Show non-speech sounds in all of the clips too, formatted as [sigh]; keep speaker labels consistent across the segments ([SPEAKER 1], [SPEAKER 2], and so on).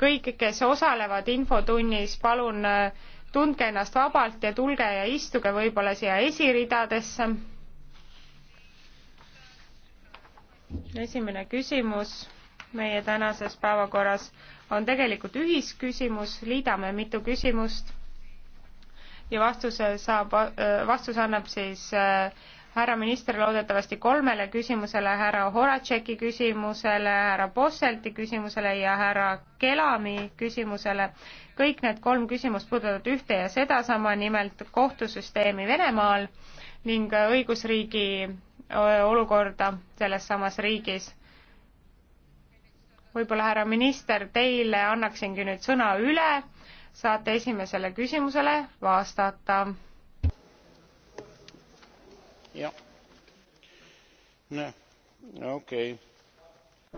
[SPEAKER 1] kõik, kes osalevad infotunnis, palun äh, tundke ennast vabalt ja tulge ja istuge võib-olla siia esiridadesse. esimene küsimus meie tänases päevakorras on tegelikult ühisküsimus, liidame mitu küsimust ja vastuse saab, äh, vastuse annab siis äh, härra minister loodetavasti kolmele küsimusele, härra Horatšeki küsimusele, härra Posselti küsimusele ja härra Kelami küsimusele. kõik need kolm küsimust puudutavad ühte ja sedasama, nimelt kohtusüsteemi Venemaal ning õigusriigi olukorda selles samas riigis. võib-olla härra minister, teile annaksingi nüüd sõna üle, saate esimesele küsimusele vastata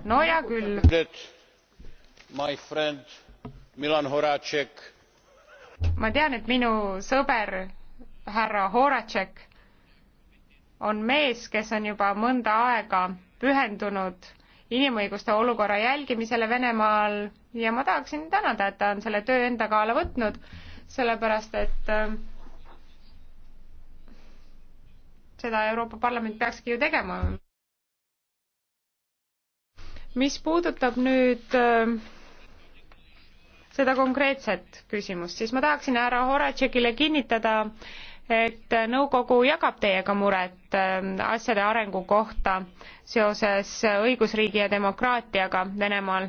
[SPEAKER 1] no hea küll. ma tean et minu sõber härra horacek on mees kes on juba mõnda aega pühendunud inimõiguste olukorra jälgimisele venemaal ja ma tahaksin tänada et ta on selle töö enda kaela võtnud sellepärast et äh, seda Euroopa Parlament peakski ju tegema. mis puudutab nüüd äh, seda konkreetset küsimust, siis ma tahaksin härra Horatšekile kinnitada, et nõukogu jagab teiega muret äh, asjade arengu kohta seoses õigusriigi ja demokraatiaga Venemaal.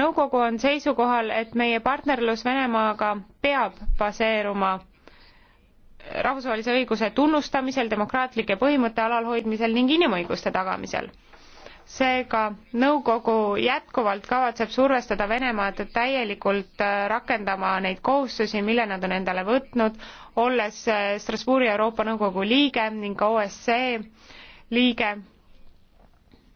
[SPEAKER 1] nõukogu on seisukohal, et meie partnerlus Venemaaga peab baseeruma rahvusvahelise õiguse tunnustamisel, demokraatlike põhimõtte alalhoidmisel ning inimõiguste tagamisel. seega nõukogu jätkuvalt kavatseb survestada Venemaad täielikult äh, rakendama neid kohustusi, mille nad on endale võtnud, olles äh, Strasbourgi Euroopa Nõukogu liige ning ka OSCE liige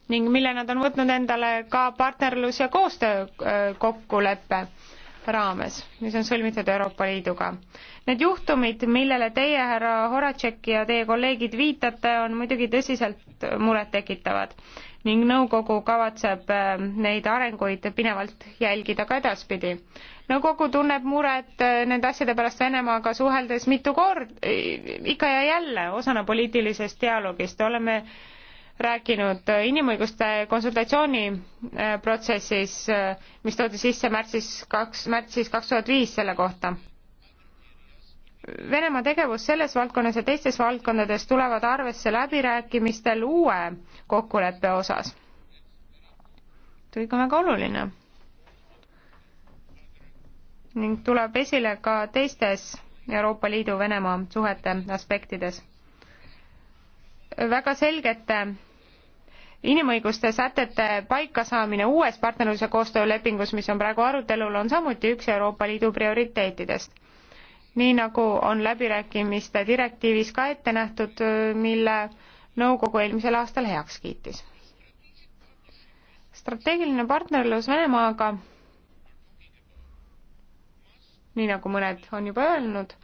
[SPEAKER 1] ning mille nad on võtnud endale ka partnerlus- ja koostöökokkuleppe äh, raames, mis on sõlmitud Euroopa Liiduga. Need juhtumid, millele teie, härra Horacek ja teie kolleegid viitate, on muidugi tõsiselt murettekitavad ning nõukogu kavatseb äh, neid arenguid pinevalt jälgida ka edaspidi. nõukogu tunneb muret äh, nende asjade pärast Venemaaga suheldes mitu kord, äh, ikka ja jälle osana poliitilisest dialoogist, oleme rääkinud äh, inimõiguste konsultatsiooniprotsessis, äh, äh, mis toodi sisse märtsis kaks, märtsis kaks tuhat viis selle kohta. Venemaa tegevus selles valdkonnas ja teistes valdkondades tulevad arvesse läbirääkimistel uue kokkuleppe osas. kõik on väga oluline. ning tuleb esile ka teistes Euroopa Liidu-Venemaa suhete aspektides väga selgete inimõiguste sätete paikasaamine uues partnerluse koostöölepingus, mis on praegu arutelul, on samuti üks Euroopa Liidu prioriteetidest. nii nagu on läbirääkimiste direktiivis ka ette nähtud, mille nõukogu eelmisel aastal heaks kiitis. strateegiline partnerlus Venemaaga, nii nagu mõned on juba öelnud,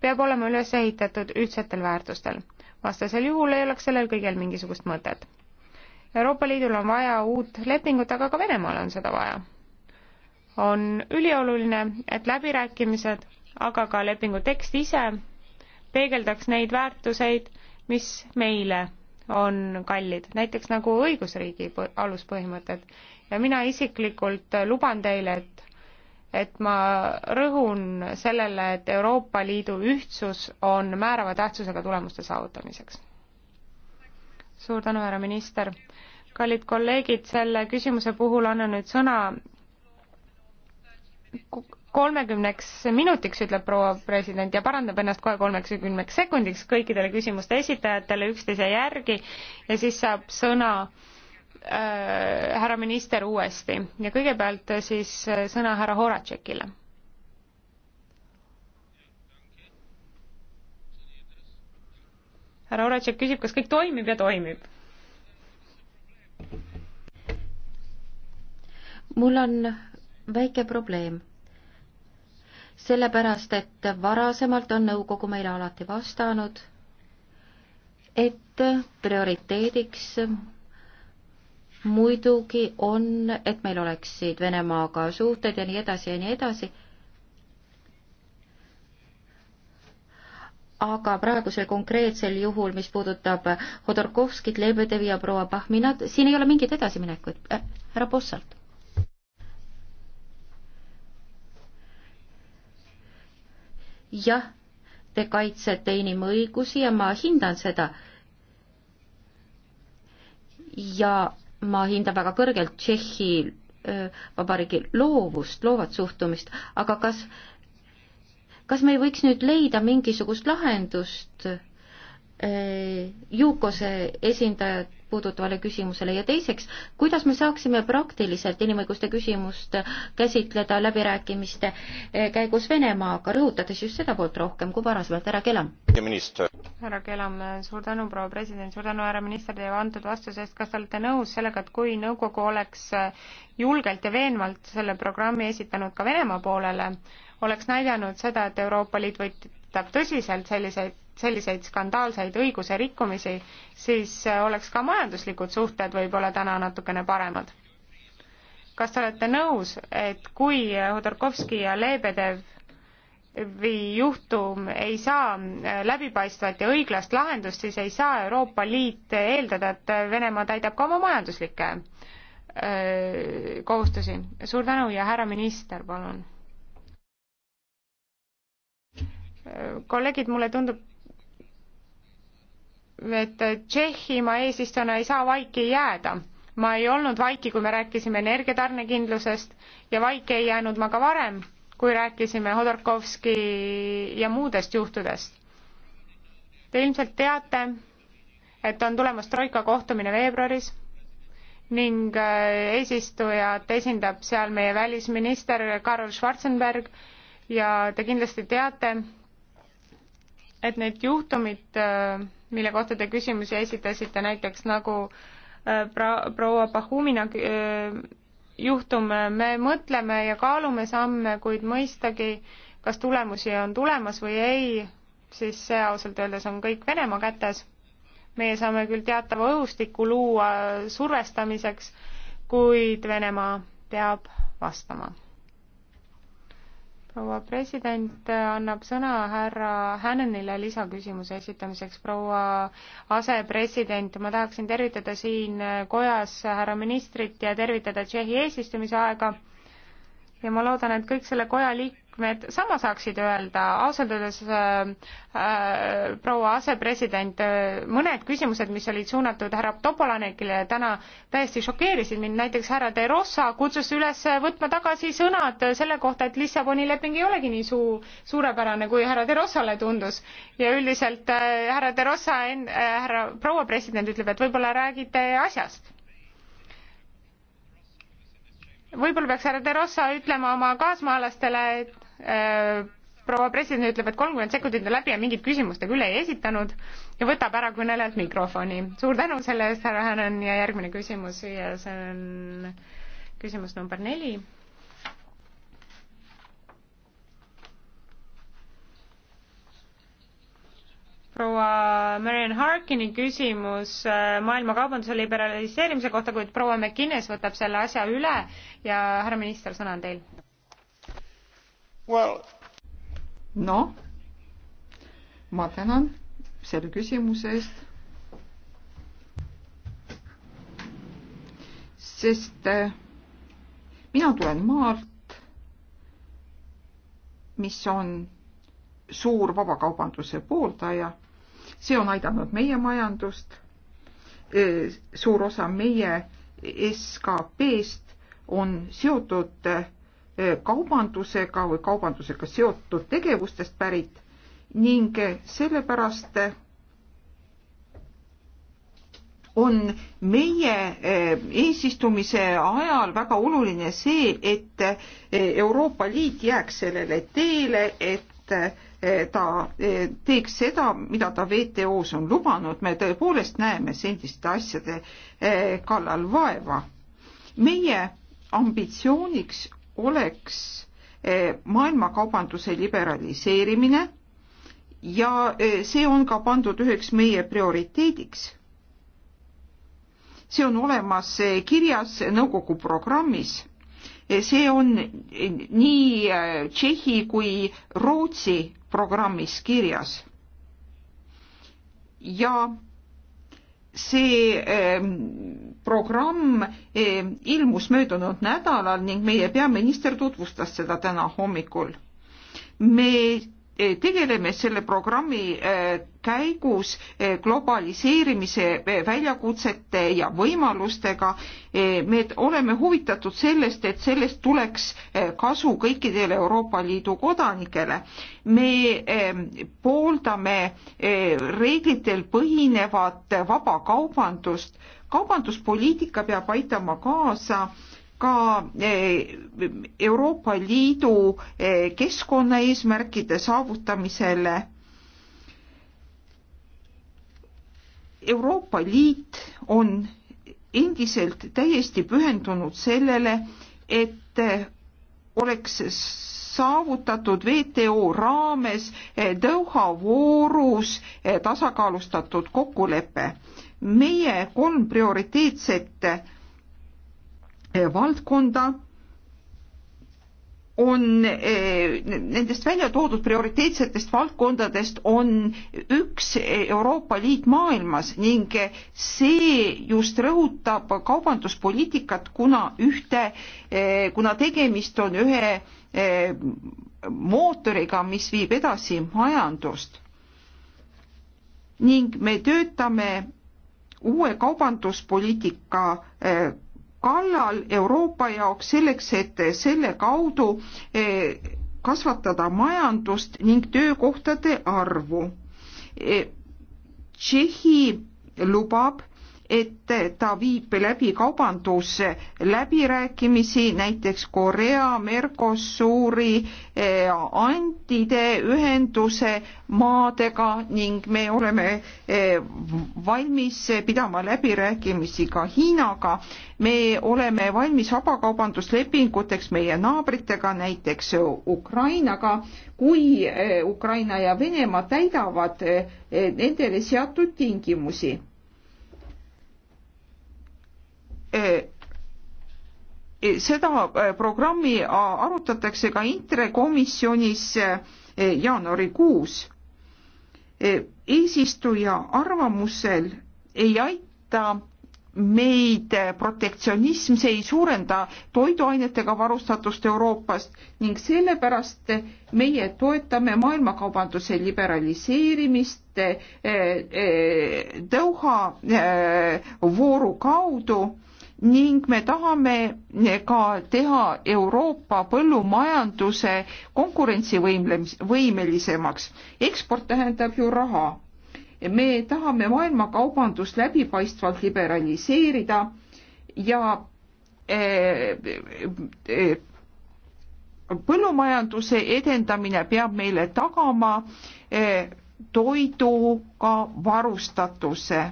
[SPEAKER 1] peab olema üles ehitatud ühtsetel väärtustel. vastasel juhul ei oleks sellel kõigel mingisugust mõtet Euroopa Liidul on vaja uut lepingut, aga ka Venemaal on seda vaja. on ülioluline, et läbirääkimised, aga ka lepingu tekst ise peegeldaks neid väärtuseid, mis meile on kallid, näiteks nagu õigusriigi aluspõhimõtted. ja mina isiklikult luban teile, et et ma rõhun sellele, et Euroopa Liidu ühtsus on määrava tähtsusega tulemuste saavutamiseks suur tänu, härra minister. kallid kolleegid, selle küsimuse puhul annan nüüd sõna kolmekümneks minutiks, ütleb proua president ja parandab ennast kohe kolmekümneks sekundiks kõikidele küsimuste esitajatele üksteise järgi ja siis saab sõna äh, härra minister uuesti ja kõigepealt siis äh, sõna härra Horatšekile härra Oratšek küsib, kas kõik toimib ja toimib.
[SPEAKER 2] mul on väike probleem. sellepärast, et varasemalt on nõukogu meile alati vastanud, et prioriteediks muidugi on, et meil oleksid Venemaaga suhted ja nii edasi ja nii edasi aga praegusel konkreetsel juhul, mis puudutab Hodorkovskit, Lebedevi ja proua Pahminat, siin ei ole mingit edasiminekut äh,. härra Bossalt. jah, te kaitsete inimõigusi ja ma hindan seda. ja ma hindan väga kõrgelt Tšehhi Vabariigi loovust, loovat suhtumist, aga kas äh, kas me ei võiks nüüd leida mingisugust lahendust eh, Juukose esindajad puudutavale küsimusele ja teiseks, kuidas me saaksime praktiliselt inimõiguste küsimust käsitleda läbirääkimiste eh, käigus Venemaaga, rõhutades just seda poolt rohkem kui varasemalt, härra Kelam?
[SPEAKER 1] härra Kelam, suur tänu, proua president, suur tänu, härra minister, teie antud vastuse eest. kas te olete nõus sellega, et kui nõukogu oleks äh, julgelt ja veenvalt selle programmi esitanud ka Venemaa poolele, oleks näidanud seda, et Euroopa Liit võtab tõsiselt selliseid selliseid skandaalseid õiguse rikkumisi, siis äh, oleks ka majanduslikud suhted võib-olla täna natukene paremad. kas te olete nõus, et kui Hodorkovski ja Lebedev või juhtum ei saa läbipaistvat ja õiglast lahendust, siis ei saa Euroopa Liit eeldada, et Venemaa täidab ka oma majanduslikke öö, kohustusi. suur tänu ja härra minister, palun. kolleegid, mulle tundub, et Tšehhimaa eesistujana ei saa vaiki jääda ma ei olnud vaiki, kui me rääkisime energiatarnekindlusest ja vaiki ei jäänud ma ka varem kui rääkisime Hodorkovski ja muudest juhtudest. Te ilmselt teate, et on tulemas Troika kohtumine veebruaris ning äh, eesistujat esindab seal meie välisminister Karol Schwarzenberg ja te kindlasti teate, et need juhtumid, äh, mille kohta te küsimusi esitasite, näiteks nagu äh, proua Pahumina juhtum, me mõtleme ja kaalume samme, kuid mõistagi, kas tulemusi on tulemas või ei, siis see ausalt öeldes on kõik Venemaa kätes. meie saame küll teatava õhustiku luua survestamiseks, kuid Venemaa peab vastama proua president äh, annab sõna härra Hännenile lisaküsimuse esitamiseks. proua asepresident, ma tahaksin tervitada siin äh, kojas härra ministrit ja tervitada Tšehhi eesistumise aega. ja ma loodan, et kõik selle koja liik-, liikmed sama saaksid öelda, ausalt öeldes äh, äh, proua asepresident äh,, mõned küsimused, mis olid suunatud härra Topolanekile täna, täiesti šokeerisid mind, näiteks härra De Rossa kutsus üles võtma tagasi sõnad selle kohta, et Lissaboni leping ei olegi nii suu-, suurepärane, kui härra De Rossale tundus. ja üldiselt äh, härra De Rossa en- äh,, härra proua president ütleb, et võib-olla räägite asjast võib-olla peaks härra De Rossa ütlema oma kaasmaalastele, et Äh, proua president ütleb, et kolmkümmend sekundit on läbi ja mingit küsimust ta küll ei esitanud ja võtab ära kõnelejalt mikrofoni. suur tänu selle eest, härra Hänen ja järgmine küsimus ja see on küsimus number neli. proua Marian Harkini küsimus äh, maailma kaubanduse liberaliseerimise kohta, kuid proua McInnes võtab selle asja üle ja härra minister, sõna on teil
[SPEAKER 3] well.. noh, ma tänan selle küsimuse eest. sest äh, mina tulen maalt, mis on suur vabakaubanduse pooldaja. see on aidanud meie majandust. Äh, suur osa meie SKP-st on seotud äh, kaubandusega või kaubandusega seotud tegevustest pärit ning sellepärast on meie eesistumise ajal väga oluline see, et Euroopa Liit jääks sellele teele, et ta teeks seda, mida ta WTO-s on lubanud, me tõepoolest näeme selliste asjade kallal vaeva. meie ambitsiooniks oleks eh, maailmakaubanduse liberaliseerimine ja eh, see on ka pandud üheks meie prioriteediks. see on olemas eh, kirjas nõukogu programmis. see on nii Tšehhi kui Rootsi programmis kirjas. ja see programm e, ilmus möödunud nädalal ning meie peaminister tutvustas seda täna hommikul. me e, tegeleme selle programmi e, käigus globaliseerimise väljakutsete ja võimalustega. me oleme huvitatud sellest, et sellest tuleks kasu kõikidele Euroopa Liidu kodanikele. me pooldame reeglitel põhinevat vabakaubandust kaubanduspoliitika peab aitama kaasa ka eh, Euroopa Liidu eh, keskkonnaeesmärkide saavutamisele. Euroopa Liit on endiselt täiesti pühendunud sellele, et eh, oleks saavutatud WTO raames Doha voorus tasakaalustatud kokkulepe meie kolm prioriteetset eh, valdkonda on eh, nendest välja toodud prioriteetsetest valdkondadest on üks Euroopa Liit maailmas ning see just rõhutab kaubanduspoliitikat, kuna ühte, eh, kuna tegemist on ühe mootoriga, mis viib edasi majandust. ning me töötame uue kaubanduspoliitika eh, kallal Euroopa jaoks selleks, et selle kaudu eh, kasvatada majandust ning töökohtade arvu. Eh, Tšehhi lubab et ta viib läbi kaubandusläbirääkimisi näiteks Korea, Mercosuri, eh, Antide ühenduse maadega ning me oleme eh, valmis pidama läbirääkimisi ka Hiinaga. me oleme valmis vabakaubanduslepinguteks meie naabritega, näiteks Ukrainaga, kui eh, Ukraina ja Venemaa täidavad nendele seatud tingimusi Äh, äh, seda äh, programmi arutatakse ka INTRE komisjonis jaanuarikuus. eesistuja arvamusel ei aita meid protektsionism, see ei suurenda toiduainetega varustatust Euroopast ning sellepärast meie toetame maailmakaubanduse liberaliseerimist Doha vooru kaudu ning me tahame eh, ka teha Euroopa põllumajanduse konkurentsivõimelisemaks. eksport tähendab ju raha. me tahame maailmakaubandust läbipaistvalt liberaliseerida ja eh, eh, põllumajanduse edendamine peab meile tagama toiduga varustatuse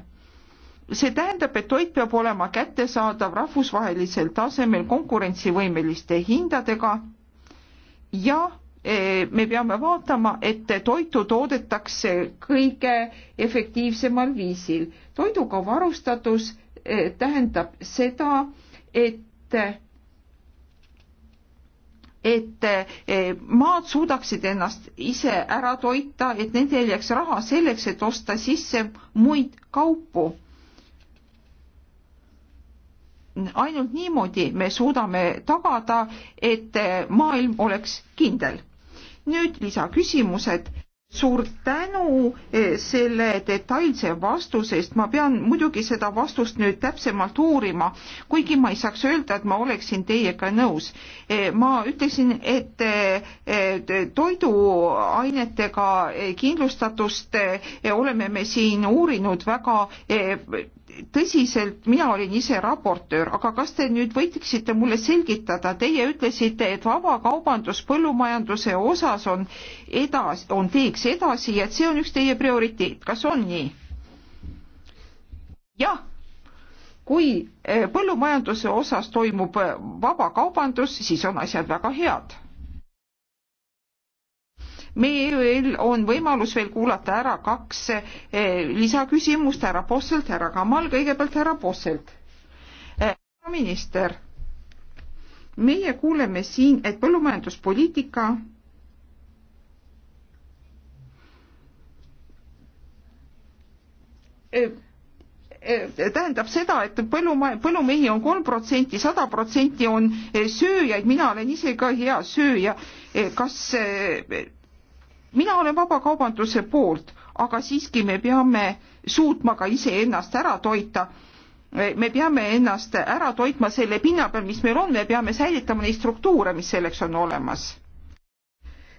[SPEAKER 3] see tähendab, et toit peab olema kättesaadav rahvusvahelisel tasemel konkurentsivõimeliste hindadega ja e, me peame vaatama, et toitu toodetakse kõige efektiivsemal viisil. toiduga varustatus e, tähendab seda, et et e, maad suudaksid ennast ise ära toita, et nendel jääks raha selleks, et osta sisse muid kaupu ainult niimoodi me suudame tagada, et maailm oleks kindel. nüüd lisaküsimused. suur tänu eh, selle detailse vastuse eest, ma pean muidugi seda vastust nüüd täpsemalt uurima, kuigi ma ei saaks öelda, et ma oleksin teiega nõus. Eh, ma ütlesin, et eh, toiduainetega kindlustatust oleme me siin uurinud väga tõsiselt, mina olin ise raportöör, aga kas te nüüd võiksite mulle selgitada, teie ütlesite, et vabakaubandus põllumajanduse osas on edas, on teeks edasi ja et see on üks teie prioriteet, kas on nii? jah, kui eh, põllumajanduse osas toimub eh, vabakaubandus, siis on asjad väga head meil on võimalus veel kuulata ära kaks eh, lisaküsimust härra Posselt, härra Kamal, kõigepealt härra Posselt. Eh, minister, meie kuuleme siin, et põllumajanduspoliitika eh, tähendab seda, et põllumaja, põllumehi on kolm protsenti, sada protsenti on sööjaid, mina olen ise ka hea sööja. kas mina olen vabakaubanduse poolt, aga siiski me peame suutma ka iseennast ära toita. me peame ennast ära toitma selle pinna peal, mis meil on, me peame säilitama neid struktuure, mis selleks on olemas.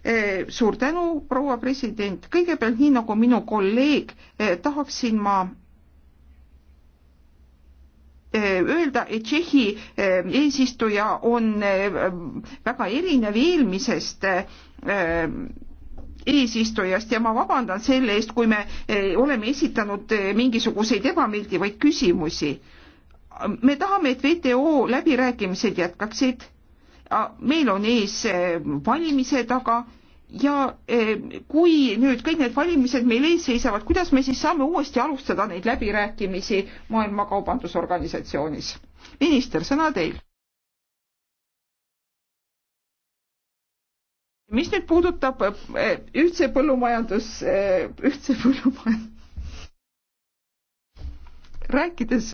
[SPEAKER 3] E, suur tänu, proua president, kõigepealt nii nagu minu kolleeg, e, tahaksin ma e, öelda, et Tšehhi eesistuja on väga erinev eelmisest eesistujast ja ma vabandan selle eest, kui me eh, oleme esitanud eh, mingisuguseid ebameeldivaid küsimusi. me tahame, et WTO läbirääkimised jätkaksid. meil on ees eh, valimised, aga ja kui nüüd kõik need valimised meil ees seisavad, kuidas me siis saame uuesti alustada neid läbirääkimisi Maailma Kaubandusorganisatsioonis? minister, sõna teil mis nüüd puudutab äh, äh, ühtse põllumajandus, äh, ühtse [laughs] põllumajandus, rääkides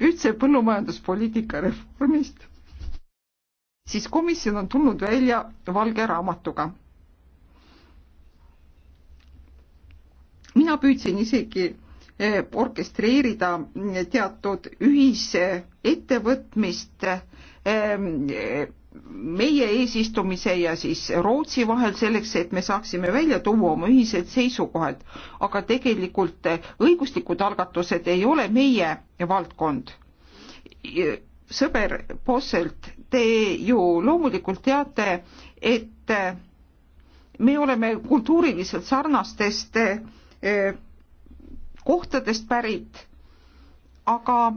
[SPEAKER 3] ühtse põllumajanduspoliitika reformist, siis komisjon on tulnud välja valge raamatuga. mina püüdsin isegi orkestreerida teatud ühise ettevõtmist meie eesistumise ja siis Rootsi vahel selleks, et me saaksime välja tuua oma ühised seisukohad, aga tegelikult õiguslikud algatused ei ole meie valdkond. sõber Posselt, te ju loomulikult teate, et me oleme kultuuriliselt sarnastest eh, kohtadest pärit, aga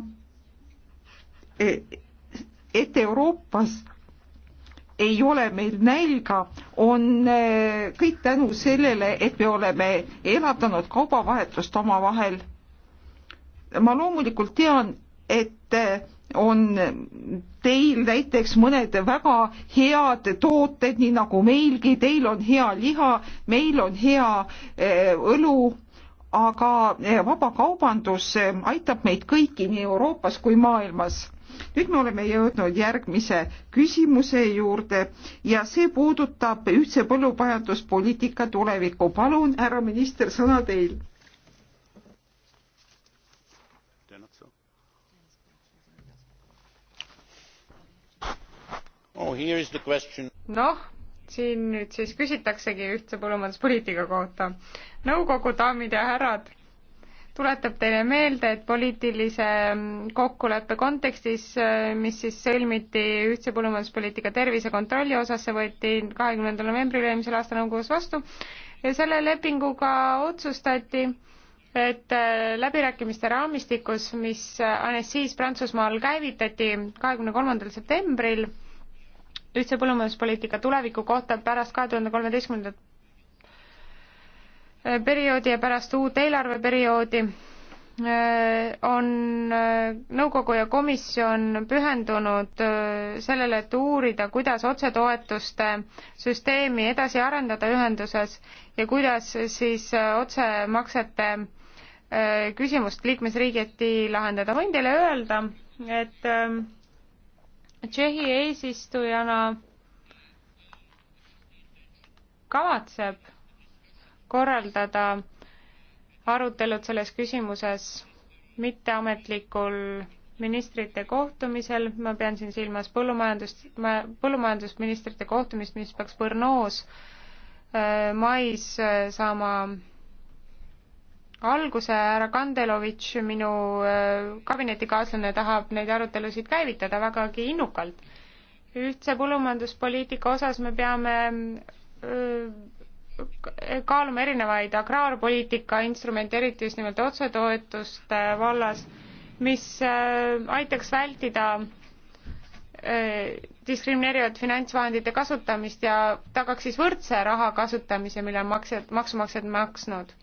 [SPEAKER 3] eh, et Euroopas ei ole meil nälga, on eh, kõik tänu sellele, et me oleme elavdanud kaubavahetust omavahel. ma loomulikult tean, et eh, on teil näiteks mõned väga head tooted, nii nagu meilgi, teil on hea liha, meil on hea eh, õlu, aga vabakaubandus aitab meid kõiki nii Euroopas kui maailmas nüüd me oleme jõudnud järgmise küsimuse juurde ja see puudutab ühtse põllumajanduspoliitika tulevikku. palun, härra minister,
[SPEAKER 1] sõna teil. Oh, noh, siin nüüd siis küsitaksegi ühtse põllumajanduspoliitika kohta. nõukogu daamid ja härrad tuletab teile meelde, et poliitilise kokkuleppe kontekstis, mis siis sõlmiti ühtse põllumajanduspoliitika tervisekontrolli osas, see võeti kahekümnendal novembril eelmisel aastal nõukogus vastu ja selle lepinguga otsustati, et äh, läbirääkimiste raamistikus, mis Annecy's Prantsusmaal käivitati kahekümne kolmandal septembril, ühtse põllumajanduspoliitika tuleviku kohta pärast kahe tuhande kolmeteistkümnendat perioodi ja pärast uut eelarveperioodi äh, on äh, nõukogu ja komisjon pühendunud äh, sellele, et uurida, kuidas otsetoetuste süsteemi edasi arendada ühenduses ja kuidas siis otsemaksete küsimust liikmesriigiti lahendada. võin teile öelda, et Tšehhi eesistujana kavatseb korraldada arutelud selles küsimuses mitteametlikul ministrite kohtumisel, ma pean siin silmas põllumajandust, põllumajandusministrite kohtumist, mis peaks Brno's äh, mais äh, saama alguse, härra Kandelovitš, minu äh, kabinetikaaslane, tahab neid arutelusid käivitada vägagi innukalt. ühtse põllumajanduspoliitika osas me peame öö, kaaluma erinevaid agraarpoliitika instrumente, eriti just nimelt otsetoetuste vallas, mis äh, aitaks vältida äh, diskrimineerivat finantsvahendite kasutamist ja tagaks siis võrdse raha kasutamise, mille on maksjad, maksumaksjad maksnud.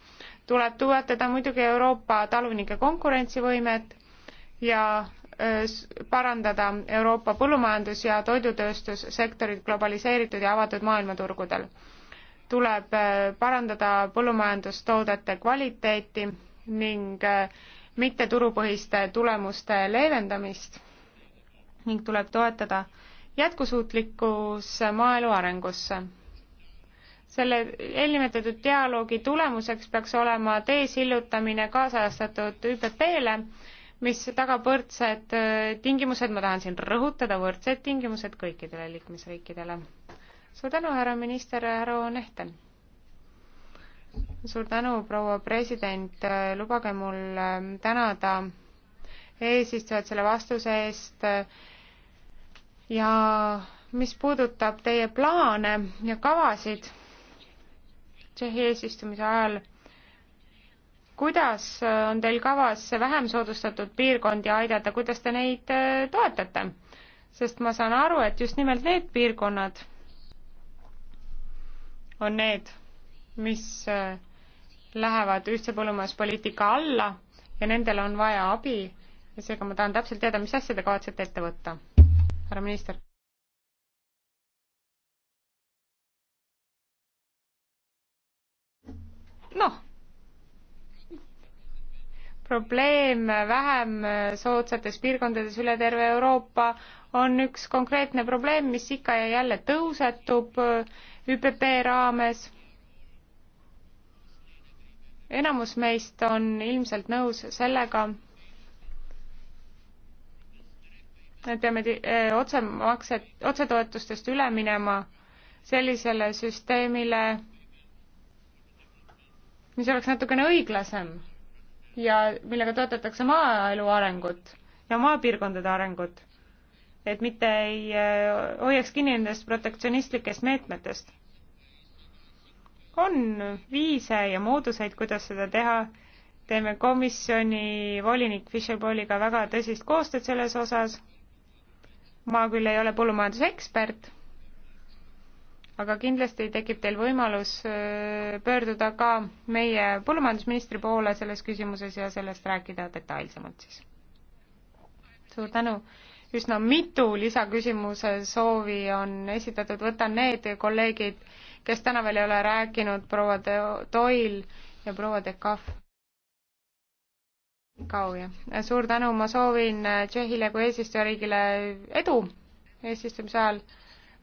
[SPEAKER 1] tuleb toetada muidugi Euroopa talunike konkurentsivõimet ja äh, parandada Euroopa põllumajandus- ja toidutööstussektorit globaliseeritud ja avatud maailmaturgudel tuleb äh, parandada põllumajandustoodete kvaliteeti ning äh, mitteturupõhiste tulemuste leevendamist ning tuleb toetada jätkusuutlikkus maaelu arengusse. selle eelnimetatud dialoogi tulemuseks peaks olema tee sillutamine kaasajastatud ÜPP-le, mis tagab võrdsed äh, tingimused, ma tahan siin rõhutada, võrdsed tingimused kõikidele liikmesriikidele suur tänu, härra minister, härra Onehten! suur tänu, proua president, lubage mul ähm, tänada eesistujat selle vastuse eest ja mis puudutab teie plaane ja kavasid Tšehhi eesistumise ajal, kuidas on teil kavas vähem soodustatud piirkondi aidata, kuidas te neid äh, toetate? sest ma saan aru, et just nimelt need piirkonnad on need, mis äh, lähevad ühtse põllumajanduspoliitika alla ja nendel on vaja abi ja seega ma tahan täpselt teada, mis asja te kavatsete ette võtta, härra minister? noh probleem vähem soodsates piirkondades üle terve Euroopa on üks konkreetne probleem, mis ikka ja jälle tõusetub äh, ÜPP raames. enamus meist on ilmselt nõus sellega, et peame äh, otsemakset, otsetoetustest üle minema sellisele süsteemile, mis oleks natukene õiglasem ja millega toetatakse maaelu arengut ja maapiirkondade arengut, et mitte ei äh, hoiaks kinni nendest protektsionistlikest meetmetest. on viise ja mooduseid, kuidas seda teha, teeme komisjoni volinik Fischer-Poliga väga tõsist koostööd selles osas, ma küll ei ole põllumajandusekspert aga kindlasti tekib teil võimalus äh, pöörduda ka meie põllumajandusministri poole selles küsimuses ja sellest rääkida detailsemalt siis. suur tänu! üsna mitu lisaküsimuse soovi on esitatud, võtan need kolleegid, kes täna veel ei ole rääkinud, proua Toil ja proua Dekaf. Kauja, suur tänu, ma soovin Tšehhile kui eesistujariigile edu eesistumise ajal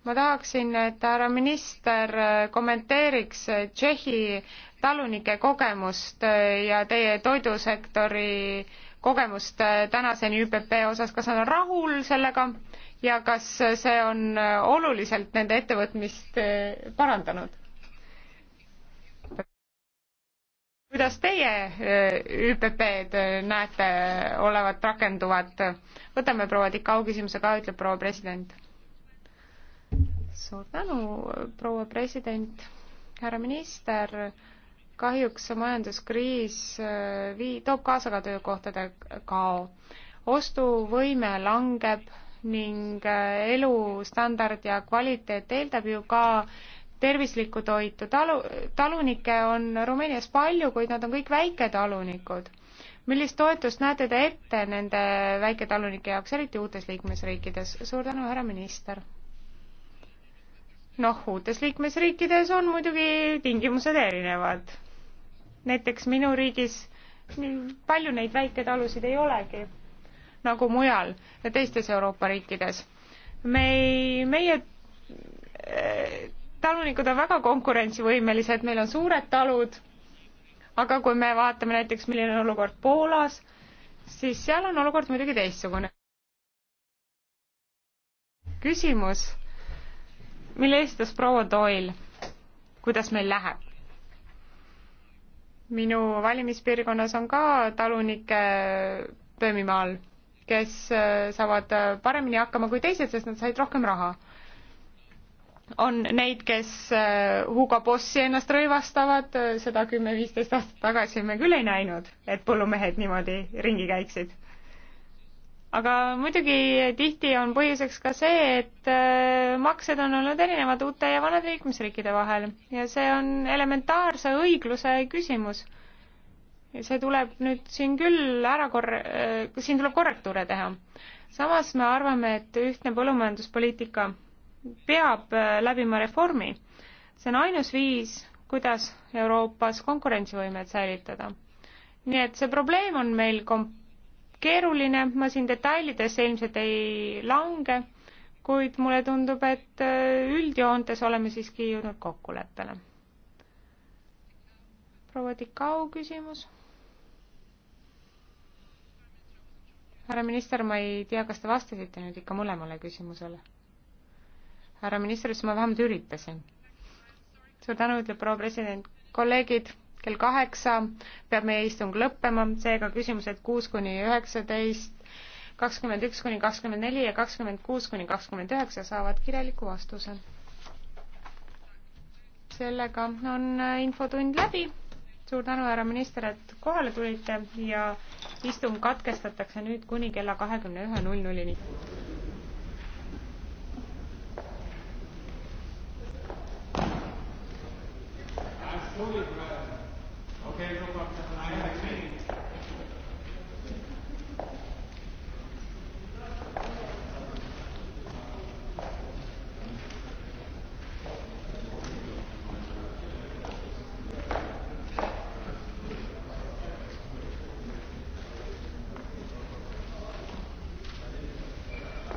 [SPEAKER 1] ma tahaksin, et härra minister äh, kommenteeriks äh, Tšehhi talunike kogemust äh, ja teie toidusektori kogemust tänaseni ÜPP osas, kas nad on rahul sellega ja kas see on oluliselt nende ettevõtmist parandanud? kuidas teie ÜPP-d näete olevat rakenduvat? võtame proua Tikau küsimuse ka, ütleb proua president suur tänu, proua president, härra minister, kahjuks majanduskriis äh, vii-, toob kaasa ka töökohtade kao. ostuvõime langeb ning äh, elustandard ja kvaliteet eeldab ju ka tervislikku toitu. talu, talunikke on Rumeenias palju, kuid nad on kõik väiketalunikud. millist toetust näete te ette nende väiketalunike jaoks, eriti uutes liikmesriikides? suur tänu, härra minister! noh, uutes liikmesriikides on muidugi tingimused erinevad. näiteks minu riigis palju neid väiketalusid ei olegi, nagu mujal teistes Euroopa riikides. me ei, meie eh, talunikud on väga konkurentsivõimelised, meil on suured talud, aga kui me vaatame näiteks, milline on olukord Poolas, siis seal on olukord muidugi teistsugune. küsimus mille esitas proua Doyle. kuidas meil läheb? minu valimispiirkonnas on ka talunikke Pöömimaal, kes äh, saavad äh, paremini hakkama kui teised, sest nad said rohkem raha. on neid, kes äh, Hugo Bossi ennast rõivastavad, seda kümme-viisteist aastat tagasi me küll ei näinud, et põllumehed niimoodi ringi käiksid aga muidugi tihti on põhjuseks ka see, et äh, maksed on olnud erinevad uute ja vanade liikmesriikide vahel ja see on elementaarse õigluse küsimus. see tuleb nüüd siin küll ära korra-, äh, siin tuleb korrektuure teha. samas me arvame, et ühtne põllumajanduspoliitika peab äh, läbima reformi. see on ainus viis, kuidas Euroopas konkurentsivõimet säilitada. nii et see probleem on meil komp-, keeruline, ma siin detailidesse ilmselt ei lange, kuid mulle tundub, et äh, üldjoontes oleme siiski jõudnud kokkuleppele. proua Tikau küsimus. härra minister, ma ei tea, kas te vastasite nüüd ikka mõlemale küsimusele. härra minister, siis ma vähemalt üritasin. suur tänu, ütleb proua president. kolleegid kell kaheksa peab meie istung lõppema, seega küsimused kuus kuni üheksateist, kakskümmend üks kuni kakskümmend neli ja kakskümmend kuus kuni kakskümmend üheksa saavad kirjaliku vastuse. sellega on infotund läbi. suur tänu, härra minister, et kohale tulite ja istung katkestatakse nüüd kuni kella kahekümne ühe null nullini.
[SPEAKER 2] Thank you occasional